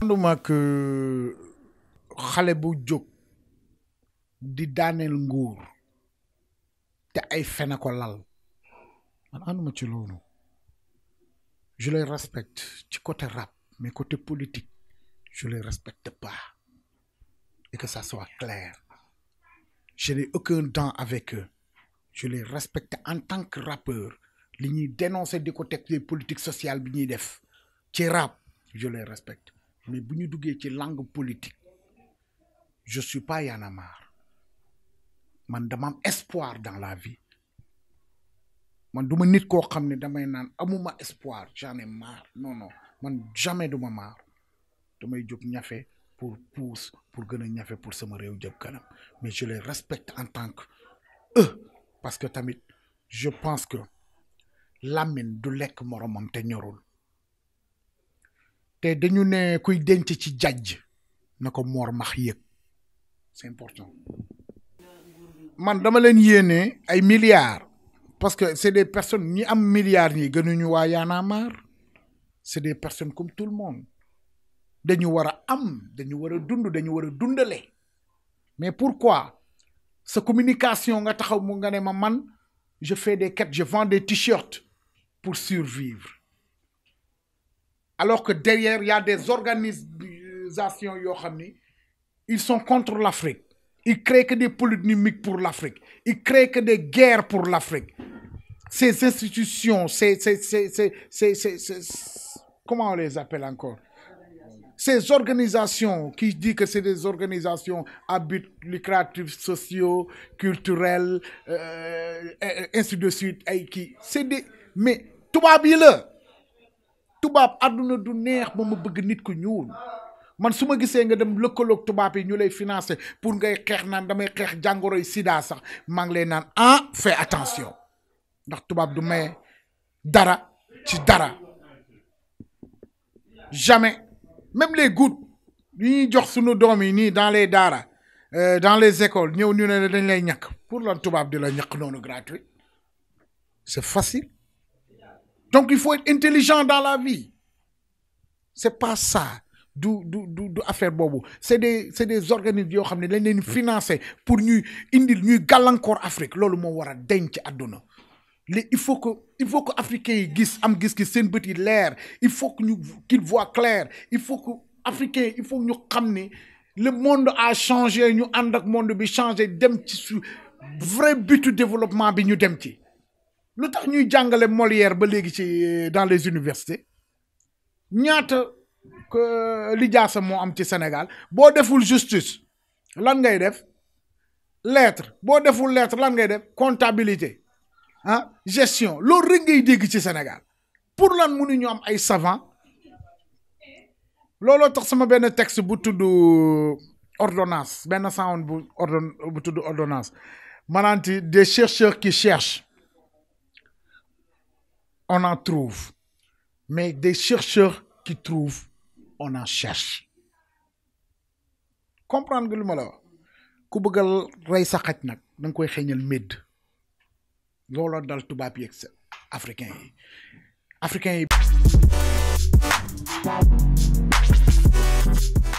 anduma que euh, xale bu jog di danel nguur te ay fena ko lal man anduma ci je les respecte ci côté rap mais côté politique je les respecte pas et que ça soit clair je n'ai aucun temps avec eux je les respecte en tant que rappeur li ont dénoncer des côtés politique politiques sociales bi rap je les respecte mais bu ñu duggee ci langue politique je suis pas Y en a man espoir dans la vie man ne suis nit un homme qui damay naan espoir j'en ai marre non non man jamais duma maar damay jóg ñafe pour pousse pour gën a pour sama marier. jëm mais je les respecte en tant que eux parce que tamit je pense que làmmiñ du lekk moromam te ñorul te dañu ne kuy denc ci jajj na ko moor max yëg c'est important man dama leen yéene ay milliards parce que c'est des personnes ñi am milliards ñi gënuñu waa yaanaa maar c'est des personnes comme tout le monde dañu war a am dañu war a dund dañu war a dundale mais pourquoi sa communication nga taxaw mu nga ne ma man je fais des quêtes je vends des t-shirts pour survivre alors que derrière il y a des organisations ils sont contre l'Afrique ils créent que des polémiques pour l'Afrique ils créent que des guerres pour l'Afrique ces institutions ces comment on les appelle encore ces organisations qui disent que c'est des organisations à but lucratif, sociaux, culturels, euh, ainsi de suite, qui, c'est mais, tout va Tubab ne du neex ba ma nit ko ñuul man suma nga dem lëkkaloog tubaab yi ñu lay pour ngay naan damay sax ah fais attention ndax tubaab du dara ci dara jamais même les gouttes yi ñuy jox dans les daara euh, dans les écoles ñëw ñu ne dañ lay pour la gratuit c'est facile donc il faut être intelligent dans la vie. C'est pas ça. du du du du c'est des c'est des organismes qui sont financés pour nous indil ñuy Afrique C'est ce que a il faut que il faut que africains yi gis am une petite l'air. il faut que qu'ils voient clair il faut que africains il faut que le monde a changé ñu avons ak monde bi changé dem ci vrai vrai développement bi ñu dem nous avons ñuy Molière euh, dans les universités Nous li Sénégal de deful justice lan ngay def lettre Bo deful lettre lan comptabilité ah, gestion Lo Sénégal pour lan ñu am ay savant Lolo tax sama un texte bu euh, ordonnance bu des chercheurs qui cherchent on en trouve. Mais des chercheurs qui trouvent, on en cherche. comprendre nga lu ku bëgg a rey sa xaj nag da nga koy xeeñal médd looloo dal tubaab yeeg sa africain yi africain yi